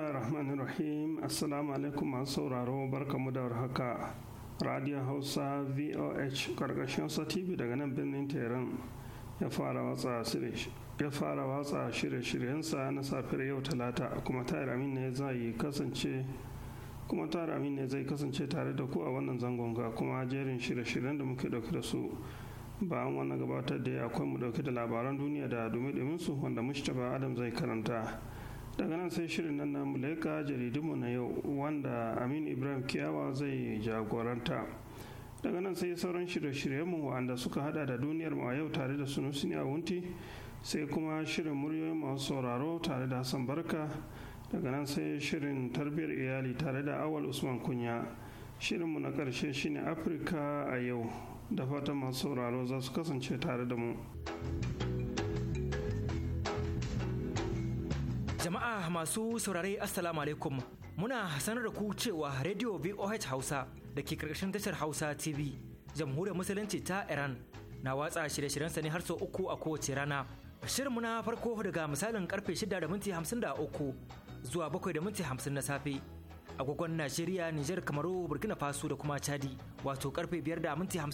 bismillah rahman rahim assalamu alaikum masu sauraro barkamu da haka radio hausa voh karkashin tv daga nan birnin tehran ya fara watsa ya fara watsa shirye-shiryensa na safiyar yau talata kuma tayar amin ne zai kasance kuma ta amin ne zai kasance tare da ku a wannan zangon ga kuma jerin shirye-shiryen da muke dauke da su bayan wannan gabatar da akwai mu dauke da labaran duniya da dumi su wanda mustapha adam zai karanta daga nan sai shirin nan na muleka jaridunmu na yau wanda aminu ibrahim kiyawa zai jagoranta daga nan sai sauran shirye-shiryenmu wanda suka hada da duniyar mu a yau tare da sunusi a wunti sai kuma shirin muryoyin masu sauraro tare da hassan barka daga nan sai shirin tarbiyyar iyali tare da awal usman kunya shirinmu na karshe shine afirka a yau da fatan masu sauraro za su kasance tare da mu. masu saurare Assalamu alaikum muna sanar da ku cewa Radio VOH Hausa da ke karkashin tashar Hausa TV jamhuriyar musulunci ta Iran na watsa shirye-shiryensa ne har sau uku a kowace rana. Shirin muna farko daga misalin karfe shida zuwa bakwai na safe. Agogon Najeriya, niger Kamaru, Burkina Faso da kuma Chadi wato karfe biyar da minti da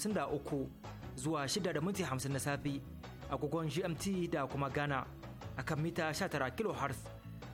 zuwa shida na safe. Agogon GMT da kuma Ghana akan mita 19 kHz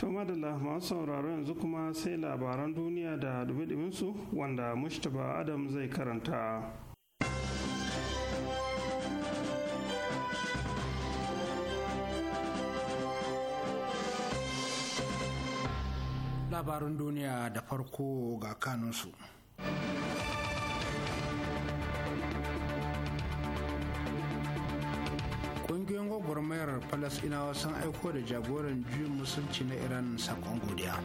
To madalla masu sauraro yanzu kuma sai labaran duniya da dumi su wanda Mustapha Adam zai karanta. Labarin duniya da farko ga kanunsu. gwagwarmayar falasinawa sun aiko da jagoran juyin musulci na iran sakon godiya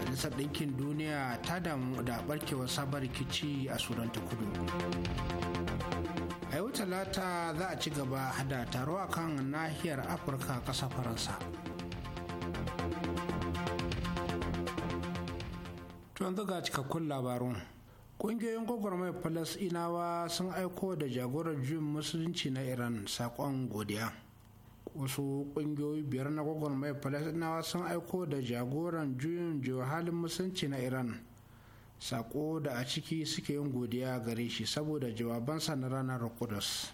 majalisar ɗinkin duniya ta damu da barkewar sabar rikici a sudan ta kudu a yau talata za a ci gaba da taro a kan nahiyar afirka ƙasa faransa yanzu ga cikakkun labarun Ƙungiyoyin gwagwarmayar Falasɗinawa sun aiko da jagorar juyin musulunci na Iran saƙon godiya. Wasu ƙungiyoyi biyar na gwagwarmayar Falasɗinawa sun aiko da jagoran juyin halin musulunci na Iran saƙo da a ciki suke yin godiya gare shi saboda jawabansa na ranar Kudus.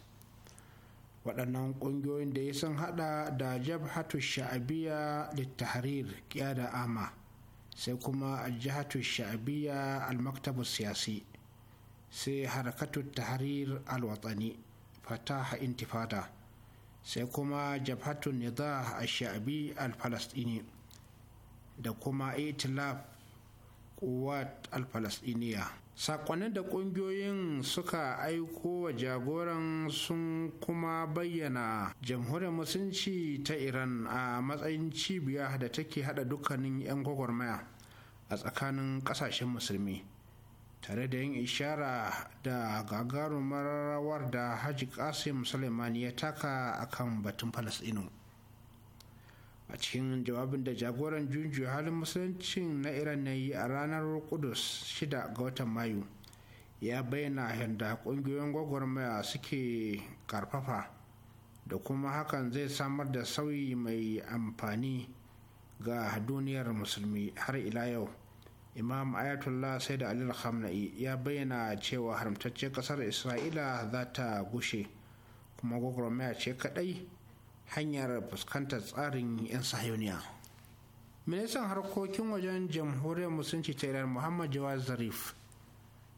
waɗannan ƙungiyoyin da ya sun haɗa da jabhatu sha'abiya littahrir ƙiyada ama sai kuma aljihatu sha'abiyya almaktabu siyasi sai harakatu tahrir alwatsani fataha intifada sai kuma jabhatu nida a sha'abi alfalastini da kuma itilaf kuwat alfalastiniya sakonnin da kungiyoyin suka aiko wa jagoran sun kuma bayyana jamhuriyar musulunci ta iran a matsayin cibiya da take hada dukkanin 'yan gwagwarmaya a tsakanin kasashen musulmi tare da yin ishara da gagarumar rawar da Hajji kasim suleimani ya taka akan batun falasɗinu. a cikin jawabin da jagoran junju halin musuluncin na iran na yi a ranar kudus 6 ga watan mayu ya bayyana yadda kungiyoyin gwagwarmaya suke karfafa da kuma hakan zai samar da sauyi mai amfani ga duniyar musulmi har ila yau imam ayatollah sai da alil khamna'i ya bayyana cewa haramtacce kasar isra'ila za ta gushe kuma gwagwarmaya ce kadai hanyar fuskantar tsarin 'yan sahiyoniya ministan harkokin wajen jamhuriyar musulunci ta iran muhammad jawad zarif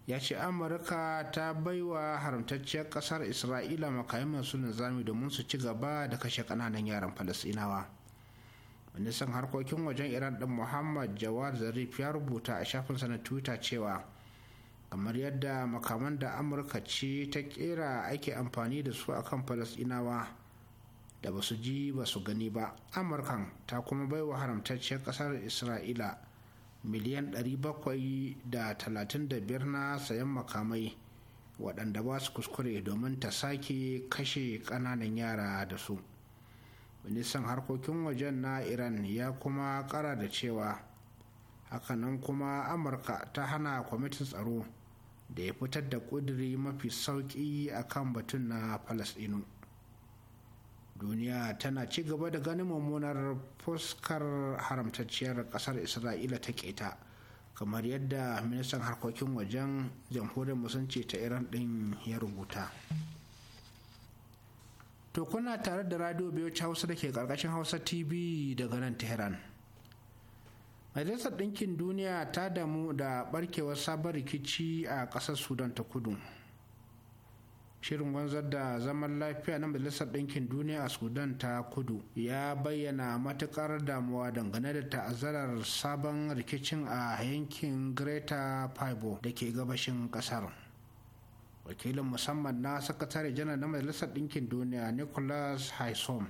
ya ce amurka ta baiwa haramtacciyar kasar isra'ila makayi masu nizami domin su ci gaba da kashe kananan yaran falasinawa ministan harkokin wajen iran din muhammad jawad zarif ya rubuta a shafinsa na twitter cewa kamar yadda makaman da amurka ce ta kera ake amfani da su akan falasinawa da ba su ji ba su gani ba amurkan ta kuma baiwa haramtacciyar kasar isra'ila miliyan 735 na sayan makamai waɗanda ba su kuskure domin ta sake kashe ƙananan yara da su ministan harkokin wajen na iran ya kuma ƙara da cewa hakanan kuma amurka ta hana kwamitin tsaro da ya fitar da ƙudiri mafi sauƙi akan batun na falasɗinu duniya tana ci gaba da ganin mummunar fuskar haramtacciyar kasar isra'ila ta keta kamar yadda ministan harkokin wajen jamhuriyar musulunci ta iran din ya rubuta to kuna tare da radio biyoci hausa da ke karkashin hausa tv daga nan tehran majalisar ɗinkin duniya ta damu da barkewar sabon rikici a ƙasar sudan ta kudu shirin wanzar da zaman lafiya na majalisar ɗinkin duniya a sudan ta kudu ya bayyana matuƙar damuwa dangane da ta'azzarar sabon rikicin a yankin greater fibo da ke gabashin ƙasar wakilin musamman na sakatare janar na majalisar ɗinkin duniya nicholas haisom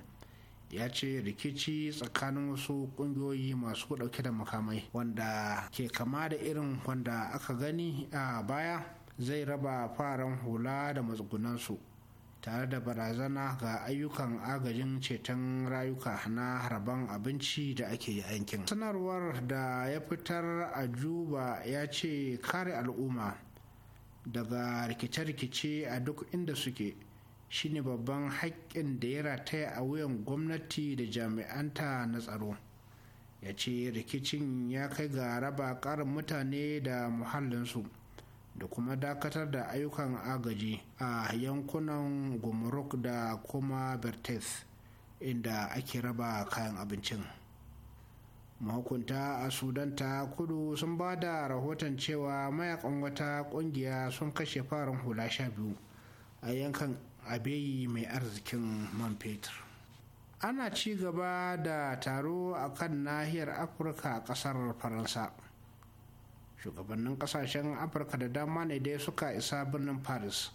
ya ce rikici tsakanin wasu ƙungiyoyi masu dauke da makamai wanda ke kama da irin wanda aka gani a baya zai raba faran hula da matsugunansu tare da barazana ga ayyukan agajin ceton rayuka na harban abinci da ake yankin sanarwar da ya fitar a juba ya ce kare al'umma daga rikice-rikice a duk inda suke shine babban haƙƙin da ya rataya a wuyan gwamnati da jami'anta na tsaro ya ce rikicin ya kai ga raba ƙarin mutane da muhallinsu da kuma dakatar da ayyukan agaji a yankunan gomorok da kuma bertes inda ake raba kayan abincin mahukunta a sudan ta kudu sun ba da rahoton cewa mayakan wata kungiya sun kashe farin hula sha biyu a yankan abeyi mai arzikin man fetur ana ci gaba da taro a kan nahiyar afirka a kasar faransa shugabannin kasashen afirka da dama ne dai suka isa birnin paris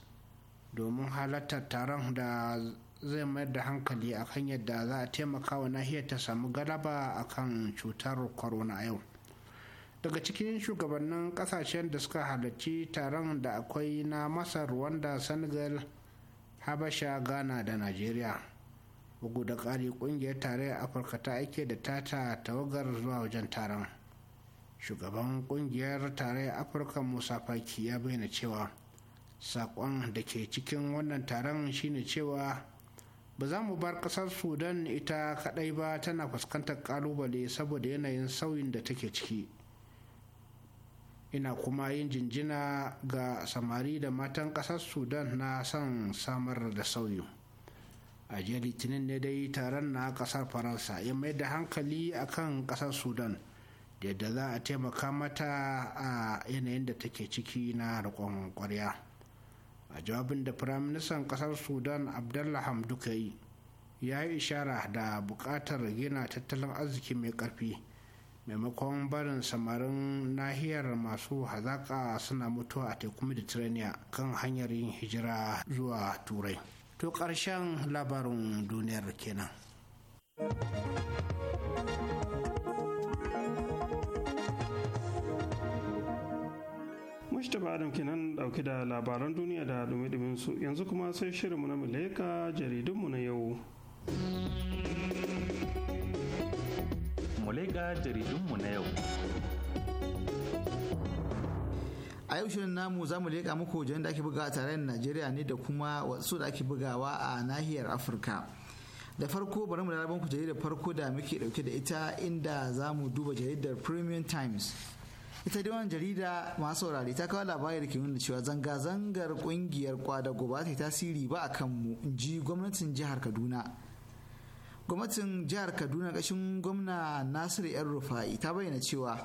domin halartar taron da zai mayar da hankali akan yadda za a taimaka wa nahiyar ta samu galaba akan cutar corona yau daga cikin shugabannin kasashen da suka halarci taron da akwai na masar rwanda senegal habasha ghana da nigeria bugu da ƙari ƙungiyar tarayyar afirka ta aike da tata tawagar zuwa wajen taron shugaban kungiyar tarayyar afirka musa faki ya bayyana cewa sakon da ke cikin wannan taron shine cewa ba za mu bar ƙasar sudan ita kadai ba tana fuskantar ƙalubale saboda yanayin sauyin da take ciki ina kuma yin jinjina ga samari da matan ƙasar sudan na son samar da sauyi a jiya litinin ne dai taron na ƙasar faransa ya mai da hankali akan ƙasar sudan yadda za a taimaka mata a yanayin da take ciki na riƙon ƙwarya a jawabin da firaministan ƙasar sudan Abdullahi hamduka yi ya yi ishara da buƙatar gina tattalin arziki mai ƙarfi maimakon barin samarin nahiyar masu hazaƙa suna mutuwa a teku mediterranean kan hanyar yin hijira zuwa turai to ƙarshen labarin duniyar kenan. Mustapha Adam kenan dauke da labaran duniya da dumi su yanzu kuma sai shirinmu na Muleka jaridunmu na yau. jaridunmu na yau. a yau shirin namu za mu leƙa muku jan da ake buga a tarayyar najeriya ne da kuma wasu da ake bugawa a nahiyar afirka da farko bari mu da rabon ku jaridar farko da muke dauke da ita inda za mu duba jaridar premium times ita dai wani jarida masu saurari ta kawo labari da ke nuna cewa zanga-zangar kungiyar kwadago ba ta tasiri ba a kanmu in ji gwamnatin jihar kaduna gwamnatin jihar kaduna kashin gwamna nasiru yan rufa'i ta bayyana cewa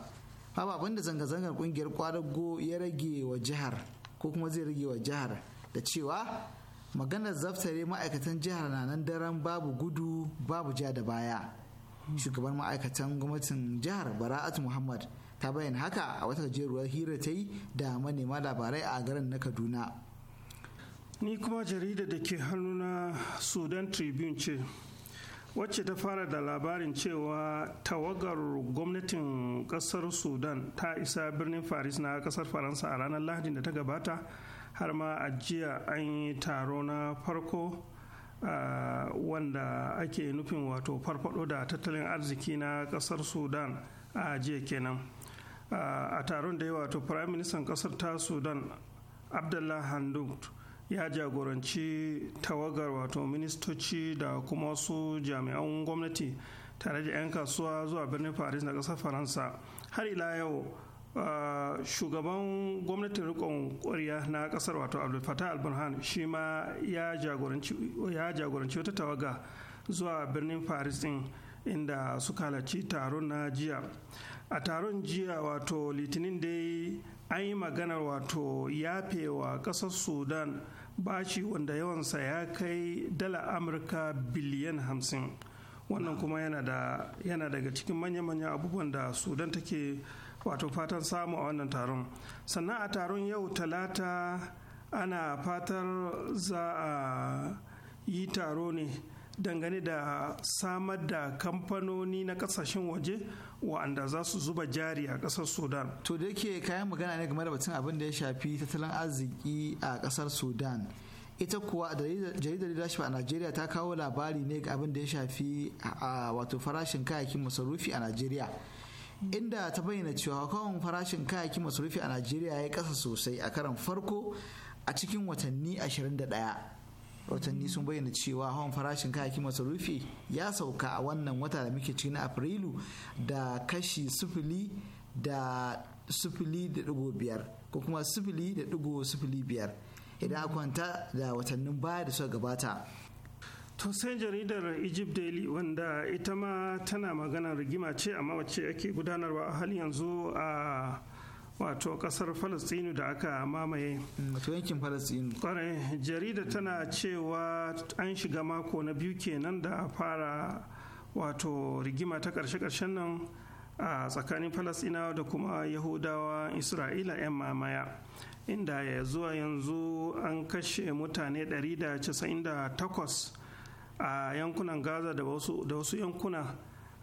babu abin da zanga-zangar kungiyar kwadago ya rage wa jihar ko kuma zai rage wa jihar da cewa maganar zaftare ma'aikatan jihar na nan daren babu gudu babu ja da baya shugaban ma'aikatan gwamnatin jihar bara'at muhammad ta bayyana haka a wata gajeruwar hira ta yi da manema labarai a garin na kaduna ni kuma jarida da ke hannuna sudan tribune ce wacce ta fara da labarin cewa tawagar gwamnatin kasar sudan ta isa birnin faris na kasar faransa a ranar lahadin da ta gabata har ma a jiya an yi taro na farko Eh, wanda ake nufin wato farfado da tattalin arziki na kasar sudan a jiya kenan eh, a taron da ya wato prime minister kasar ta sudan abdullah handuk ya jagoranci tawagar wato ministoci da kuma wasu jami'an gwamnati tare da 'yan kasuwa zuwa birnin paris na kasar faransa har ila yau shugaban gwamnatin rikon kwariya na kasar wato abdul fatah al-burhan shi ma ya jagoranci wata tawaga zuwa birnin paris din inda suka halarci taron na jiya a taron jiya wato litinin dai an yi maganar wato yafewa kasar sudan bashi wanda yawansa ya kai dala amurka biliyan hamsin wannan kuma yana daga cikin manya-manyan abubuwan da sudan take wato fatan samu a wannan taron sannan a taron yau talata ana fatar za a yi taro ne dangane da samar da kamfanoni na kasashen waje wa'anda za su zuba jari a kasar sudan to da yake kayan magana ne game da batun abin da ya shafi tattalin arziki a kasar sudan ita kuwa jaridar leadership a najeriya ta kawo labari ne ga abin da ya shafi a wato farashin kayayyakin masarufi a najeriya inda ta bayyana cewa hawan farashin kayaki masarufi a najeriya ya kasa sosai a karan farko a cikin watanni 21 watanni sun bayyana cewa hawan farashin masu masarufi ya sauka a wannan wata da muke cikin afrilu da kashi sufili da sufili da digo biyar ko kuma sufili da dugo sufili biyar idan akwanta da watannin baya da suka gabata to sai jaridar egypt daily wanda ita ma tana maganar rigima ce amma wacce ake gudanarwa a hali yanzu a wato kasar falastinu da aka mamaye mm, wato yankin falastinu jarida tana cewa an shiga mako na biyu kenan da fara wato rigima ta karshe-karshen nan a tsakanin falastinawa da kuma yahudawa isra'ila 'yan mamaya inda ya zuwa yanzu an kashe mutane 198 a yankunan gaza da wasu yankuna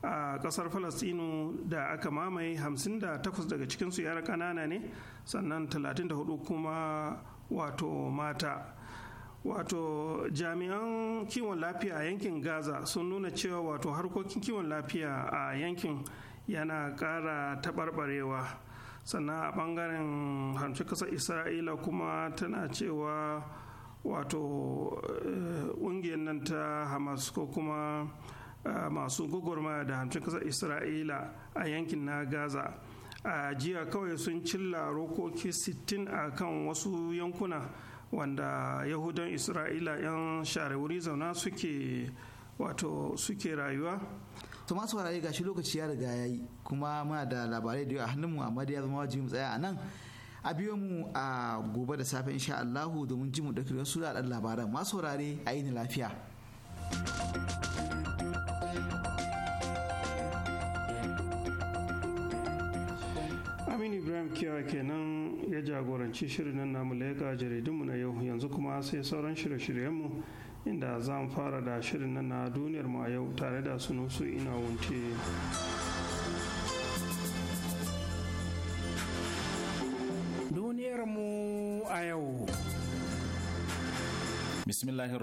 a kasar falastinu da aka mamaye 58 daga cikinsu yara kanana ne sannan 34 kuma wato mata wato jami'an kiwon lafiya a yankin gaza sun nuna cewa wato harkokin kiwon lafiya a yankin yana ƙara taɓarɓarewa sannan a ɓangaren hancin ƙasar isra'ila kuma tana cewa wato eh, ƙungiyar nan ta hamas ko kuma eh, masu gwagwarmaya da hancin kasar isra'ila a yankin na gaza a jiya kawai sun cilla rokoki 60 a kan wasu yankuna wanda yahudan isra'ila 'yan share wuri zauna suke wato suke rayuwa to masu wurare gashi lokaci ya riga yayi kuma muna da labarai da yawa a hannunmu amma da ya zama wajibi mu tsaya a nan a biyo mu a gobe da safe insha Allahu domin ji mu da wasu da labaran masu saurare a yi lafiya. Aminu Ibrahim Kiyawa kenan ya jagoranci shirin nan namu jaridun jaridunmu na yau yanzu kuma sai sauran shirye-shiryenmu inda za mu fara da shirin nan na duniyar mu a yau tare da sunusu ina wunce. Bismillahir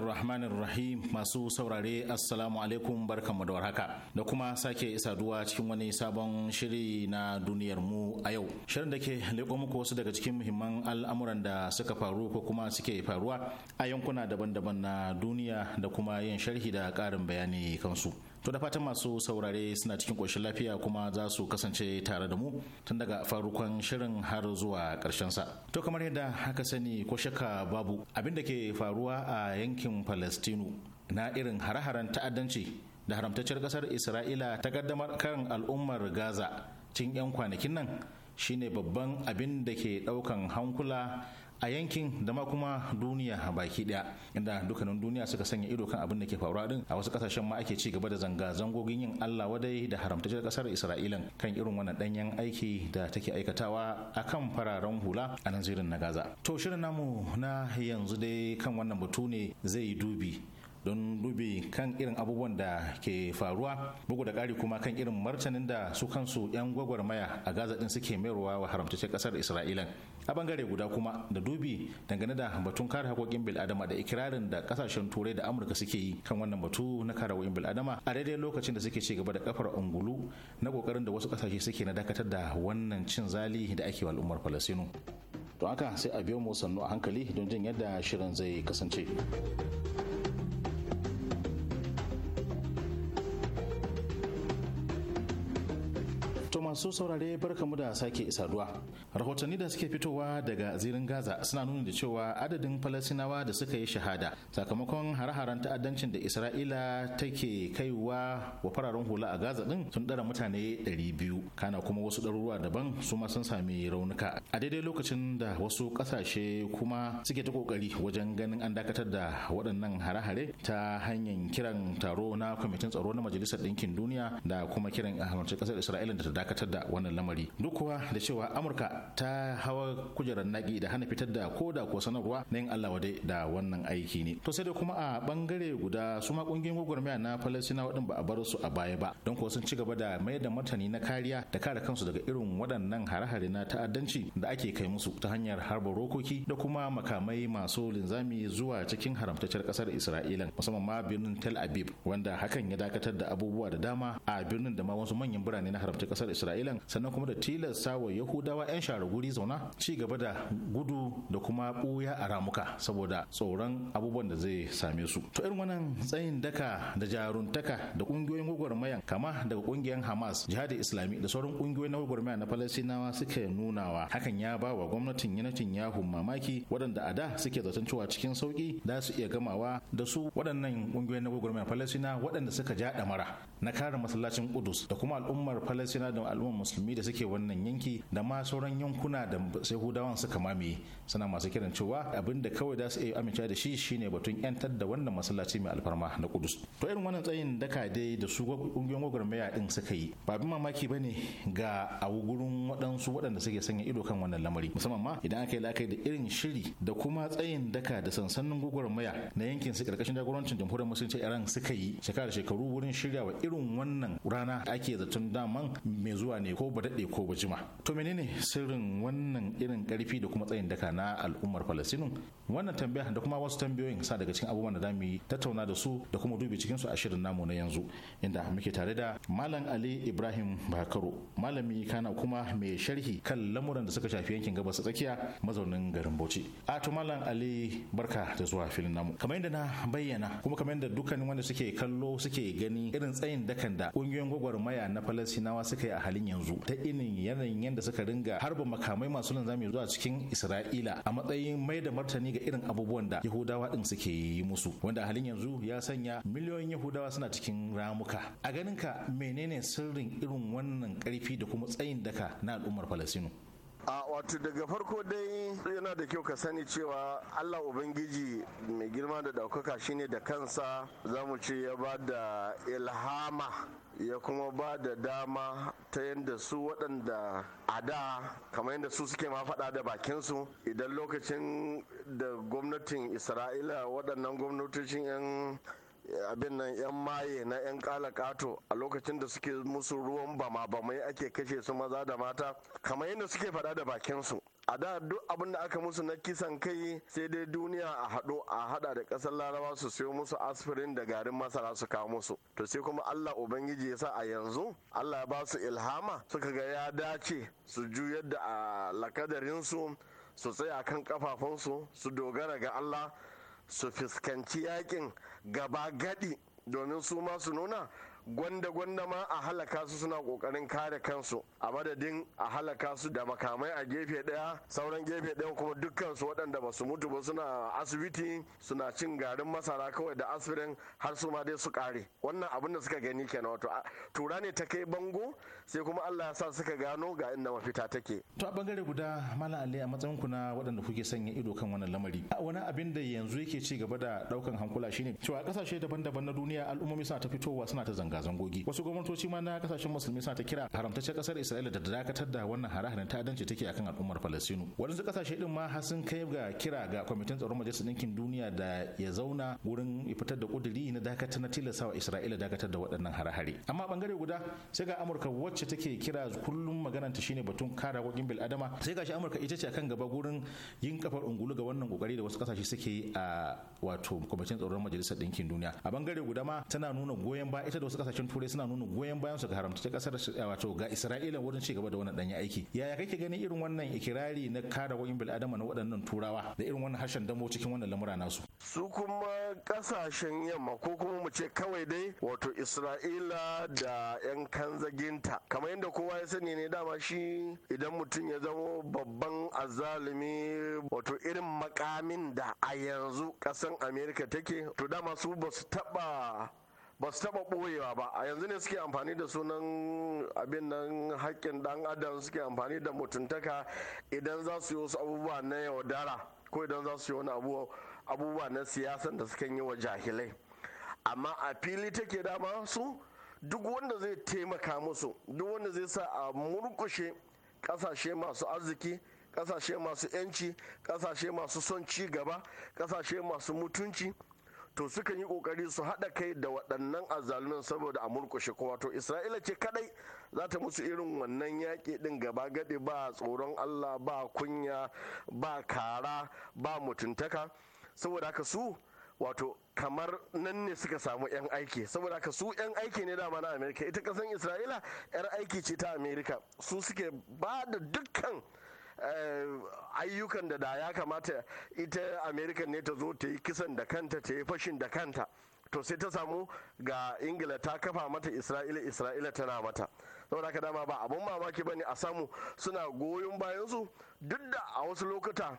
masu saurare Assalamu alaikum barkanmu da warhaka da kuma sake saduwa cikin wani sabon shiri na duniyar mu a yau. Shirin da ke leƙo muku wasu daga cikin muhimman al'amuran da suka faru ko kuma suke faruwa a yankuna daban-daban na duniya da kuma yin sharhi da ƙarin bayani kansu. To da fatan masu saurare suna cikin ƙoshin lafiya kuma za su kasance tare da mu tun daga farkon shirin har zuwa ƙarshen sa. To kamar yadda haka sani ko shakka babu abin da ke faruwa a yankin Falastinu na irin hare-haren ta'addanci da haramtacciyar ƙasar Isra'ila ta kaddamar kan al'ummar Gaza cikin 'yan kwanakin nan shine babban abin da ke ɗaukan hankula a yankin da ma kuma duniya baki daya inda dukkanin duniya suka sanya ido kan abin da ke faruwa din a wasu kasashen ma ake ci gaba da zanga-zangogin yin Allah wadai da haramtacciyar kasar Isra'ilan kan irin wannan danyen aiki da take aikatawa akan fararen hula a nan zirin na Gaza to shirin namu na yanzu dai kan wannan batu ne zai yi dubi don dubi kan irin abubuwan da ke faruwa bugu da ƙari kuma kan irin martanin da su kansu 'yan gwagwarmaya a gaza din suke mayarwa wa haramtacce kasar israila a bangare guda kuma da dubi dangane da batun kare hakokin bil'adama da ikirarin da kasashen turai da amurka suke yi kan wannan batu na kare bil'adama a daidai lokacin da suke ci gaba da kafar ungulu na kokarin da wasu kasashe suke na dakatar da wannan cin zali da ake wa al'ummar falasinu to haka sai a biyo mu sannu a hankali don jin yadda shirin zai kasance masu saurare barkamu da sake saduwa. Rahotanni da suke fitowa daga zirin Gaza suna nuni da cewa adadin Falasinawa da suka yi shahada sakamakon hare-haren ta'addancin da Isra'ila take kaiwa wa fararen hula a Gaza din sun dara mutane 200 kana kuma wasu ɗaruruwa daban su ma sun sami raunuka. A daidai lokacin da wasu kasashe kuma suke ta kokari wajen ganin an dakatar da waɗannan hare-hare ta hanyar kiran taro na kwamitin tsaro na Majalisar Ɗinkin Duniya da kuma kiran a ƙasar Isra'ila da ta dakatar dakatar da wannan lamari duk kuwa da cewa amurka ta hawa kujerar naki da hana fitar da ko da ko sanarwa na yin allah wadai da wannan aiki ne to sai dai kuma a bangare guda su ma kungiyoyin gwagwarmaya na falasina waɗin ba a bar su a baya ba don kuwa sun ci gaba da mai da martani na kariya da kare kansu daga irin waɗannan hare-hare na ta'addanci da ake kai musu ta hanyar harba rokoki da kuma makamai masu linzami zuwa cikin haramtacciyar ƙasar Isra'ila musamman ma birnin tel aviv wanda hakan ya dakatar da abubuwa da dama a birnin da ma wasu manyan birane na haramtacciyar ƙasar isra'ila isra'ilan sannan kuma da tilasta wa yahudawa 'yan share guri zauna ci gaba da gudu da kuma buya a ramuka saboda tsoron abubuwan da zai same su to irin wannan tsayin daka da jaruntaka da ƙungiyoyin gwagwarmayan kama daga ƙungiyar hamas jihadi islami da sauran ƙungiyoyi na gwagwarmaya na falasinawa suka nunawa hakan ya ba wa gwamnatin yanatin yahun mamaki waɗanda a da suke zaton cewa cikin sauki za su iya gamawa da su waɗannan ƙungiyoyin na gwagwarmaya falasina waɗanda suka ja mara. na kare masallacin Kudus da kuma al'ummar Falasina da al'ummar musulmi da suke wannan yanki da ma sauran yankuna da Yahudawan suka mamaye suna masu kiran cewa abin da kawai za su iya amince da shi shine batun yantar da wannan masallaci mai alfarma na Kudus to irin wannan tsayin daka dai da su kungiyoyin gwagwarmaya din suka yi ba bin mamaki bane ga a gurin waɗansu waɗanda suke sanya ido kan wannan lamari musamman ma idan aka yi la'akari da irin shiri da kuma tsayin daka da sansanin gwagwarmaya na yankin su karkashin jagorancin jamhuriyar musulunci Iran suka yi shekara shekaru wurin shirya wa irin wannan rana da ake zaton daman mai zuwa ne ko ba daɗe ko ba jima to menene sirrin wannan irin ƙarfi da kuma tsayin daka na al'ummar falasinu wannan tambaya da kuma wasu tambayoyin sa daga cikin abubuwan da za mu yi tattauna da su da kuma dubi cikin su a shirin namu na yanzu inda muke tare da malam ali ibrahim bakaro malami kana kuma mai sharhi kan lamuran da suka shafi yankin gabas tsakiya mazaunin garin bauchi a to malam ali barka da zuwa filin namu kamar yadda na bayyana kuma kamar yadda dukkanin wanda suke kallo suke gani irin tsayin yin da kungiyoyin gwagwarmaya na falasinawa suka yi a halin yanzu ta inin yanayin yadda suka ringa harba makamai masu linzami zuwa cikin isra'ila a matsayin mai da martani ga irin abubuwan da yahudawa din suke yi musu wanda a halin yanzu ya sanya miliyoyin yahudawa suna cikin ramuka a ganinka menene sirrin irin wannan karfi da kuma tsayin daka na al'ummar falasinu a wato daga farko dai yana da kyau ka sani cewa allah ubangiji mai girma da daukaka shine da kansa za mu ce ya ba da ilhama ya kuma ba da dama ta yadda su waɗanda a da kamar yadda su suke ma faɗa da bakinsu idan lokacin da gwamnatin isra'ila waɗannan gwamnatocin 'yan abin nan yan maye na yan kalakato a lokacin da suke musu ruwan bama bamai ake kashe su maza da mata kamar yadda suke faɗa da bakin su a da duk abin da aka musu na kisan kai sai dai duniya a haɗo a haɗa da ƙasar laraba su siyo musu aspirin da garin masara su kawo musu to sai kuma allah ubangiji ya sa a yanzu allah ya ba su ilhama suka ga ya dace su juyar da a lakadarinsu su tsaya kan kafafunsu su dogara ga allah su fuskanci yakin gaba gadi domin su ma su nuna gwanda gwanda ma a halaka su suna kokarin kare kansu a madadin a halaka su da makamai a gefe daya sauran gefe daya kuma dukkan su waɗanda ba su mutu ba suna asibiti suna cin garin masara kawai da aspirin har su ma dai su kare wannan abin da suka gani kenan wato tura ne ta kai bango sai kuma Allah ya sa suka gano ga inda mafita take to a bangare guda malam Ali a matsayin ku na waɗanda kuke sanya ido kan wannan lamari wani abin da yanzu yake ci gaba da daukan hankula shine cewa kasashe daban-daban na duniya al'ummomi suna ta fitowa suna ta zanga zanga-zangogi wasu gwamnatoci ma na kasashen musulmi suna ta kira haramtaccen kasar isra'ila da dakatar da wannan hare-haren ta'addanci take akan al'ummar falastinu Wadansu kasashe din ma har sun kai ga kira ga kwamitin tsaron majalisar ɗinkin duniya da ya zauna wurin fitar da kuduri na dakatar na wa isra'ila dakatar da waɗannan harahare. hare amma bangare guda sai ga amurka wacce take kira kullum magananta shine batun kare haƙoƙin adama sai gashi amurka ita ce akan gaba gurin yin kafar ungulu ga wannan kokari da wasu kasashe suke yi a wato kwamitin tsaron majalisar ɗinkin duniya a bangare guda ma tana nuna goyon ba ita da wasu kasashen turai suna nuna goyon bayan su ga haramta kasar eh, wato ga isra'ila wurin ci gaba da wannan danyen aiki yaya kake ganin irin wannan ikirari na kare wa'in bil adama na waɗannan turawa da irin wannan harshen damo cikin wannan lamura nasu su kuma kasashen yamma ko kuma mu ce kawai dai wato isra'ila da yan kanzaginta kamar yadda kowa ya sani ne dama shi idan mutum ya zama babban azalimi. wato irin makamin da a yanzu kasan amerika take to dama su ba su taba ba su taba boyewa ba a yanzu ne suke amfani da sunan abin nan haƙƙin dan adam suke amfani da mutuntaka idan za su yi wasu abubuwa na yaudara ko idan za su yi wani abubuwa na siyasan da sukan yi wa jahilai amma a fili take dama su duk wanda zai taimaka musu duk wanda zai sa a murkushe kasashe masu arziki kasashe masu yanci kasashe masu son ci gaba kasashe masu mutunci to sukan yi kokari su haɗa kai da waɗannan azalunan saboda a murkushe kowa to isra'ila ce kadai za ta musu irin wannan yaƙi ɗin gaba gaɗe ba tsoron allah ba kunya ba kara ba mutuntaka saboda haka su wato kamar nan ne suka samu 'yan aiki saboda haka su 'yan aiki ne dama na amerika ita kasan isra'ila 'yar aiki ce ta amerika su suke ba da dukkan Eh, ayyukan da da ya kamata ita america ne ta zo ta yi kisan da kanta ta yi fashin da kanta to sai ta samu ga ingila ta kafa mata isra'ila isra'ila tana mata saboda haka dama ba abun mamaki ba ne a samu suna goyon bayansu duk da a wasu lokuta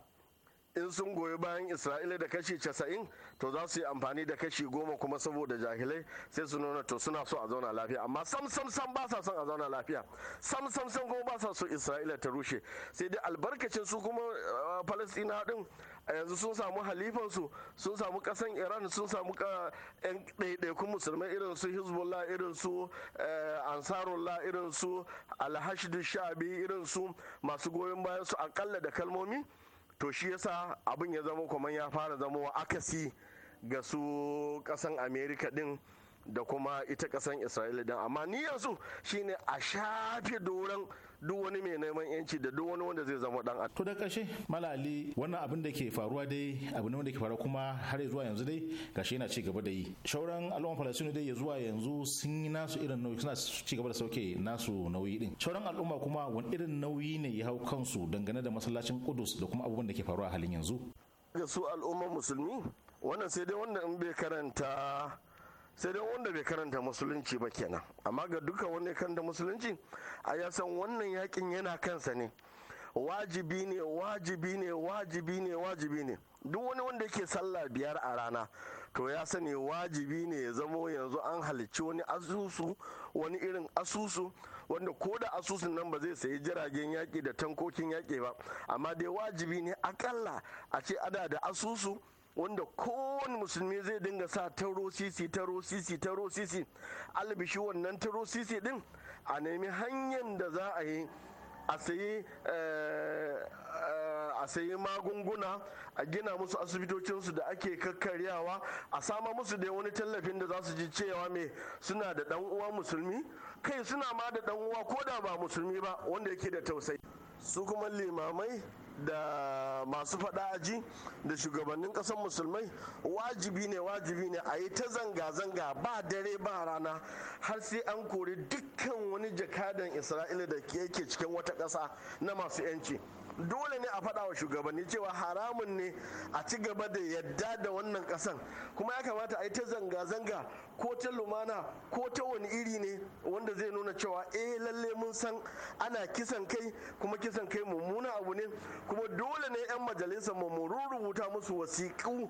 in sun goyi bayan isra'ila da kashi casa'in to za su yi amfani da kashi goma kuma saboda jahilai sai su nuna to suna so a zauna lafiya amma sam sam sam ba sa son a zauna lafiya sam sam sam kuma ba sa so isra'ila ta rushe sai dai albarkacin su kuma palestina uh, din a yanzu sun samu halifansu sun samu kasan iran sun samu yan ɗaiɗaikun musulmai irin su hezbollah irin su uh, ansarullah irin su alhashdu sha'abi irin su masu goyon bayan su akalla da kalmomi to shi yasa abin ya zama kuma ya fara zamowa akasi ga su kasan amerika din da kuma ita kasan isra'ila din amma ni yanzu shine a shafe doron duk wani mai neman yanci da duk wani wanda zai zama dan adam to da kashe, malali wannan abin da ke faruwa dai abu ne wanda ke faruwa kuma har zuwa yanzu dai gashi yana ci gaba da yi shauran al'umma Falasino dai ya zuwa yanzu sun yi nasu irin nauyi suna ci gaba da sauke nasu nauyi din shauran al'umma kuma wani irin nauyi ne ya hau kansu dangane da masallacin kudus da kuma abubuwan da ke faruwa a halin yanzu ga su al'ummar musulmi wannan sai dai wanda in bai karanta sai dai wanda bai karanta musulunci ba kenan amma ga duka wanda ya karanta musulunci a ya san wannan yakin yana kansa ne wajibi ne wajibi ne wajibi ne wajibi ne duk wani wanda yake sallah biyar a rana to ya sani wajibi ne ya zamo yanzu an halicci wani asusu wani irin asusu wanda ko da asusun nan ba zai sayi jiragen yaƙi da tankokin yaƙi ba amma dai wajibi ne akalla a ce ada da asusu wanda kowane musulmi zai dinga sa taro sisi taro sisi taro sisi albishi wannan taro sisi din a nemi hanyar da za a yi a sayi eh, eh, magunguna a gina musu asibitocinsu da ake kakkaryawa a sama musu da wani tallafin da za su ji cewa mai suna da dan uwa musulmi kai suna ma da dan uwa ko da ba musulmi ba wanda yake da tausayi su kuma limamai da masu faɗa aji da shugabannin ƙasar musulmai wajibi ne wajibi ne a yi ta zanga-zanga ba dare ba rana har sai an kori dukkan wani jakadan isra'ila da yake cikin wata ƙasa na masu 'yanci dole ne a faɗa wa shugabanni cewa haramun ne a ci gaba da yadda da wannan ƙasan kuma ya kamata a yi ta zanga-zanga ko ta lumana ko ta wani iri ne wanda zai nuna cewa eh lalle mun san ana kisan kai kuma kisan kai mummuna abu ne kuma dole ne 'yan majalisa mu rubuta musu wasiƙu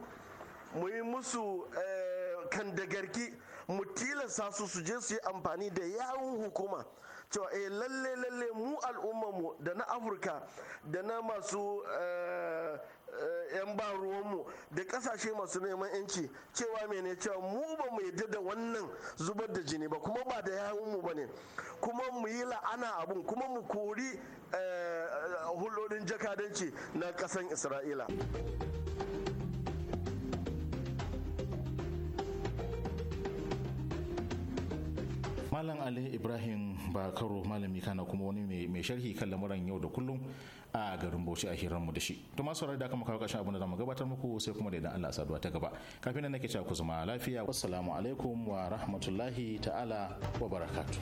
mu yi musu eh, kan dagarki mu tilasta su su je su yi amfani da yawun hukuma cewa eh lalle lalle mu al'ummarmu da na afirka da na masu eh, eh, yan ba ruwanmu da kasashe masu neman yanci cewa mene cewa mu ba mu yadda da wannan zubar da jini ba kuma ba da yawunmu ba ne kuma mu yi la'ana abun kuma mu kori eh, hulɗoɗin jakadanci na ƙasan isra'ila malam ali ibrahim bakaro malami kana kuma wani mai sharhi kan lamuran yau da kullum a garin bauchi a hirarmu da shi to masu da aka makawa kashin abin da zamu gabatar muku sai kuma da idan allah saduwa ta gaba kafin nan nake cewa ku zama lafiya wassalamu alaikum wa rahmatullahi ta'ala wa barakatu.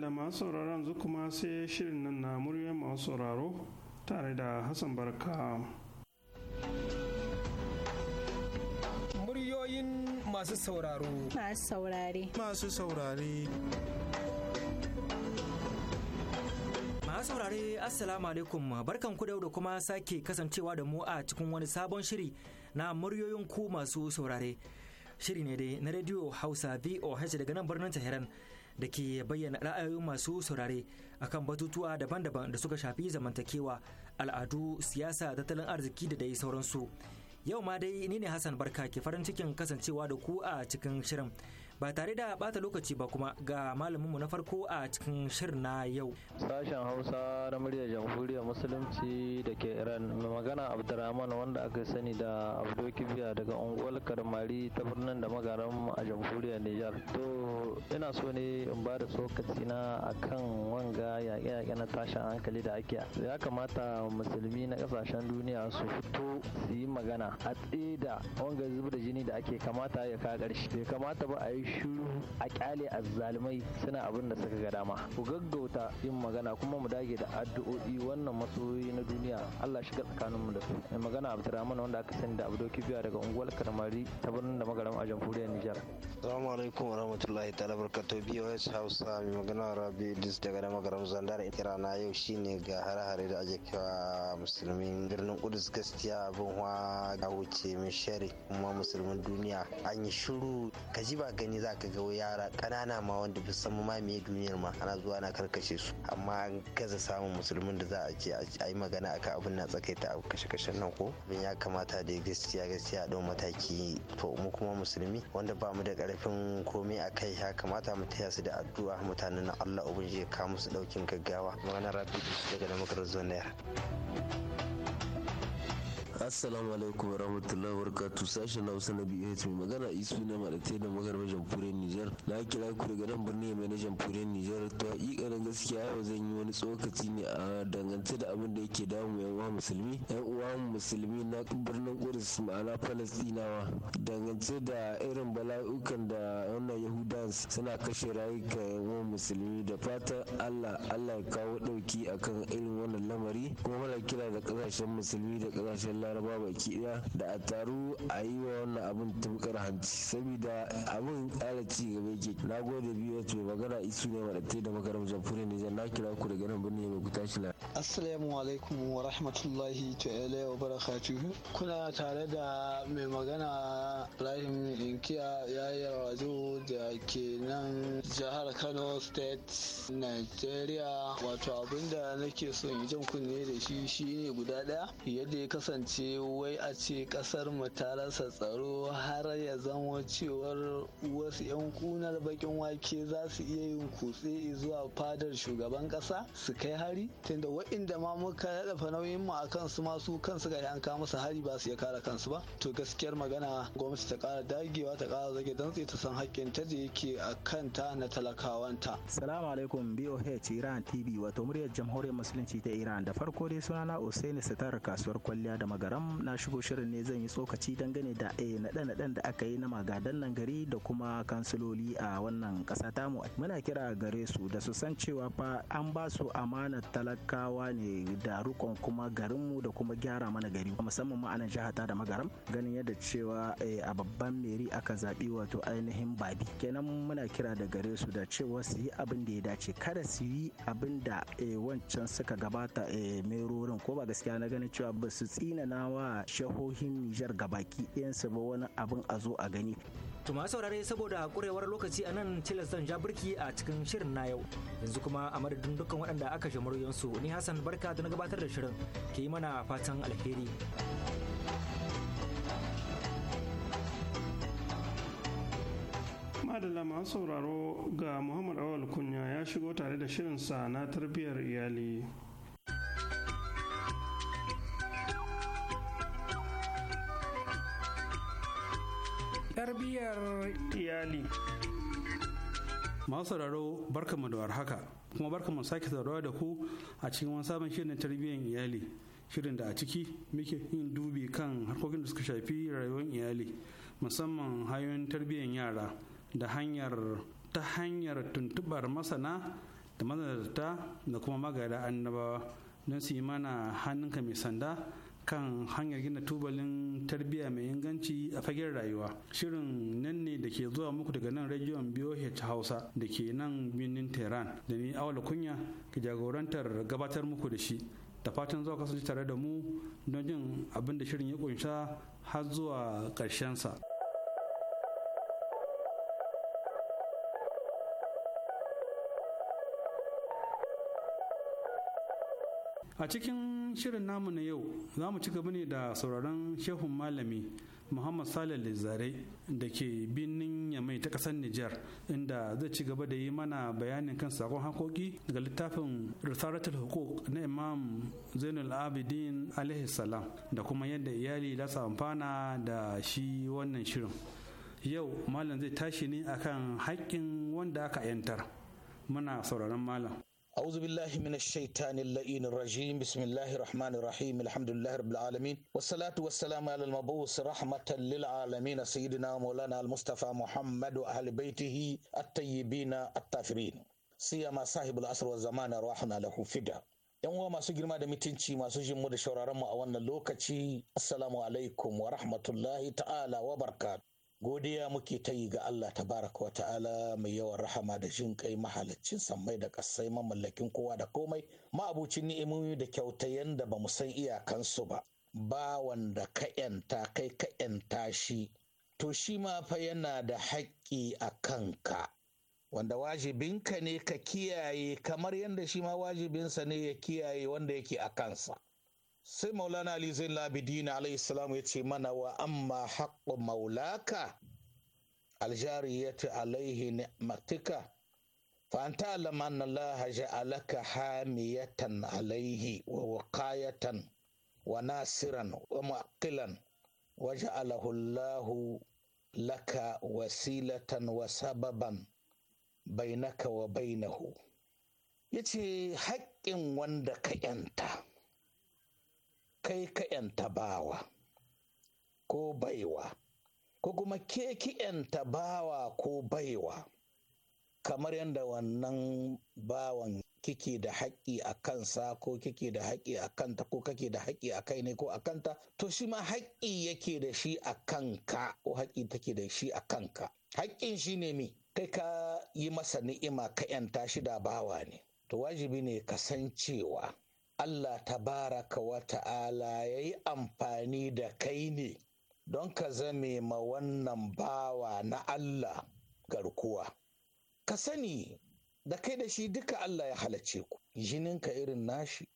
da masu sauraron yanzu kuma sai shirin nan na muryar masu sauraro tare da hassan barka muryoyin masu sauraro masu saurare masu saurare masu saurare assalamu alaikum barkan ku da kuma sake kasancewa da mu a cikin wani sabon shiri na muryoyin ku masu saurare shiri ne dai na radio hausa voh daga nan birnin taheran. da ke bayyana ra'ayoyin masu saurare akan batutuwa daban-daban da suka shafi zamantakewa al'adu siyasa tattalin arziki da dai sauransu yau ma dai ni ne hassan barka ke farin cikin kasancewa da ku a cikin shirin ba tare da bata lokaci ba kuma ga malaminmu na farko a cikin shirin na yau sashen hausa na muryar jamhuriyar musulunci da ke iran magana abdurrahman wanda aka sani da abdo kibiya daga unguwar karmari ta birnin da magaran a jamhuriyar nijar to ina so ne in ba da tsokaci na akan wanga yaƙe-yaƙe na tashin hankali da ake ya kamata musulmi na ƙasashen duniya su fito su yi magana a tsida wanga zubar da jini da ake kamata ya ka ƙarshe bai kamata ba a yi shiru a kyale azzalumai suna abin da suka ga dama ku gaggauta yin magana kuma mu dage da addu'o'i wannan masoyi na duniya Allah shiga tsakanin mu da su mai magana Abdurrahman wanda aka sani da Abdo Kibiya daga unguwar Karmari ta birnin da magaram a jamhuriyar Nijar Assalamu alaikum warahmatullahi ta'ala barkatu BOS Hausa mai magana Rabi Idris daga da magaram Zandar kira na yau shine ga harhare da ake kawa musulmin birnin Kudus gaskiya abin wa ga wuce mai shari kuma musulmin duniya an yi shiru ka ji ba gani za ka ga yara ƙanana ma wanda ba san ma me duniyar ma ana zuwa na karkashe su amma an gaza samun musulmin da za a ce a yi magana akan abin na tsakaita a kashe-kashen nan ko abin ya kamata da gaskiya gaskiya don mataki to mu kuma musulmi wanda ba mu da ƙarfin komai a kai ya kamata mu taya su da addu'a mutanen na Allah ubangiji ya kawo musu ɗaukin gaggawa maganar rafi daga da makarar assalamu alaikum wa barakatuh sashen hausa na bh mai magana isu na maɗate da magarba jamhuriyar nijar na kira ku daga nan birni mai na jamhuriyar nijar to hakikanin gaskiya yau zan yi wani tsokaci ne a dangance da abin da yake damu yan uwa musulmi yan uwa musulmi na birnin kudus ma'ana palestinawa dangance da irin bala'ukan da wannan yahudan suna kashe rayuka yan uwa musulmi da fatan allah allah ya kawo ɗauki akan irin wannan lamari kuma muna kira da ƙasashen musulmi da ƙasashen lara jaraba baki daya da a taru a yi wa wannan abin tabukar hanci saboda abin kara ci gaba yake na gode biyu mai magana isu ne madatte da makarar jamhuriyar nijar na kira ku daga nan birni mai tashi shi assalamu alaikum wa rahmatullahi ta'ala wa barakatuhu kuna tare da mai magana ibrahim inkiya yi wazo da ke nan jihar kano state nigeria wato abinda nake son jan kunne da shi shine guda ɗaya, yadda ya kasance ce wai a ce kasar mu ta rasa tsaro har ya zamo cewar wasu 'yan kunar bakin wake za su iya yin kutse zuwa fadar shugaban kasa su kai hari tunda wa'inda ma muka dafa nauyin mu akan su ma su kansu ga an kawo musu hari ba su iya kare kansu ba to gaskiyar magana gwamnati ta kara dagewa ta kara zage dantse ta san hakkin ta da yake a kanta na talakawanta salamu alaikum boh iran tv wato muryar jamhuriyar musulunci ta iran da farko dai sunana usaini sitar kasuwar kwalliya da magana magaram na shigo shirin ne zan yi tsokaci dangane da eh, naɗe-naɗen da aka yi na magadan nan gari da kuma kansiloli a wannan ƙasa tamu muna kira gare su da su san cewa fa an ba su amana talakawa ne da rukon kuma garinmu da kuma gyara mana gari musamman ma anan jihar ta da magaram ganin yadda cewa eh, a babban meri aka zaɓi wato ainihin babi kenan muna kira da gare su da cewa su yi abin da ya dace kada su yi abin da eh, wancan suka gabata merorin ko ba gaskiya na ganin cewa ba su tsinana bayyana wa shahohin Nijar gabaki ɗayansa ba wani abin a zo a gani. To saurare saboda kurewar lokaci a nan ja birki a cikin shirin na yau yanzu kuma a madadin dukkan waɗanda aka shi muryansu ni Hassan barka da na gabatar da shirin ke yi mana fatan alheri. Madalla masu sauraro ga Muhammad Awal Kunya ya shigo tare da sa na tarbiyyar iyali. tarbiyyar iyali masu sauraro barkamu da warhaka kuma barkamu sake saurawa da ku a cikin wani sabon shirin tarbiyyar iyali shirin da a ciki muke yin dubi kan harkokin da suka shafi rayuwar iyali musamman hanyoyin tarbiyyar yara da hanyar ta hanyar tuntubar masana da mazanarta da kuma magada annabawa don su yi mana hannunka mai sanda kan hanyar gina tubalin tarbiyya mai inganci a fagen rayuwa shirin nan ne da ke zuwa muku daga nan rajiyon BOH Hausa da ke nan birnin Tehran da ni awala kunya ke jagorantar gabatar muku da shi da fatan zuwa kasance tare da mu don jin abin da shirin ya kunsha har zuwa ƙarshensa. sa a cikin shirin namu na yau za mu ci gaba ne da sauraron shehun malami muhammad salih zare da ke birnin yamai ta kasar nijar inda zai ci gaba da yi mana bayanin kan sakon hakoki daga littafin risalatul hukuk na imam zainul abidin alaihi salam da kuma yadda iyali za su amfana da shi wannan shirin yau malam zai tashi ne akan haƙƙin wanda aka yantar muna sauraron malam أعوذ بالله من الشيطان اللئين الرجيم بسم الله الرحمن الرحيم الحمد لله رب العالمين والصلاة والسلام على المبعوث رحمة للعالمين سيدنا مولانا المصطفى محمد وأهل بيته الطيبين الطاهرين سيما صاحب العصر والزمان روحنا له فدا yan uwa masu girma da mutunci masu jinmu da shauraron mu a wannan lokaci assalamu alaikum wa rahmatullahi ta'ala wa barkatu godiya muke ta yi ga Allah ta baraka wa ta'ala mai yawan rahama da jin kai mahalaccin sammai da kasai mamallakin kowa da komai ma'abucin ni'imomi da kyautayen da bamu san iyakansu ba ba wanda ka yanta kai ka yanta shi to shi ma fa yana da haƙƙi a kanka wanda wajibinka ne ka kiyaye kamar yadda shi ma wajibinsa ne ya kiyaye wanda yake a kansa sai maulana ali zain labidina alayhi salam ya ce mana wa amma haqqu maulaka aljariyati alaihi ni'matika fa anta alam anna allaha ja'alaka hamiyatan alaihi wa waqayatan wa nasiran wa mu'aqilan wa ja'alahu allahu laka wasilatan wa sababan bainaka wa bainahu yace haƙƙin wanda ka yanta kai ka ‘yanta bawa ko baiwa, ko kuma ke ki ‘yanta bawa ko baiwa, kamar yadda wannan bawan kike da haƙƙi a kansa ko kike da haƙƙi a kanta ko kake da haƙƙi a kai ne ko a kanta to shi ma haƙƙi yake da shi a kanka ko haƙƙi take da shi a kanka haƙƙin shi ne me kai ka yi masa ni'ima ka yanta shi da bawa ne to wajibi ne ka san cewa Allah tabaraka wa ta'ala ya yi amfani da kai ne don ka zame ma wannan bawa na Allah garkuwa. Ka sani da kai da shi duka Allah ya halace ku, jininka irin nashi,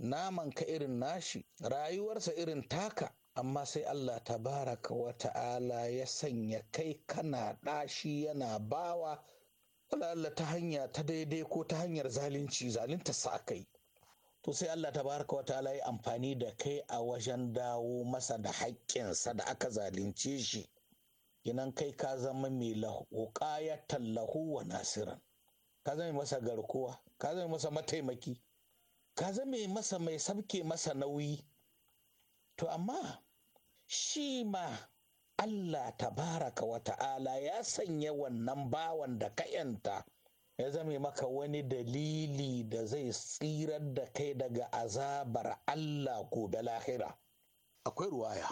naman ka irin nashi, rayuwarsa irin taka, amma sai Allah tabaraka wa ta'ala ya sanya kai kana ɗashi yana bawa, Allah ta hanya ta daidai ko ta hanyar zalunci zalunta sa aka yi. to sai Allah baraka wa ta'ala ya amfani da kai a wajen dawo masa da haƙƙinsa da aka zalunce shi Gidan kai ka zama mai ya lahu wa nasiran ka zama masa garkuwa ka zama masa mataimaki ka zama masa mai sabke masa nauyi to amma shi ma Allah ta baraka wa ta'ala ya sanya wannan bawan da ka yanta ya zame maka wani dalili da zai tsirar da kai daga azabar Allah gobe lahira. Akwai ruwaya,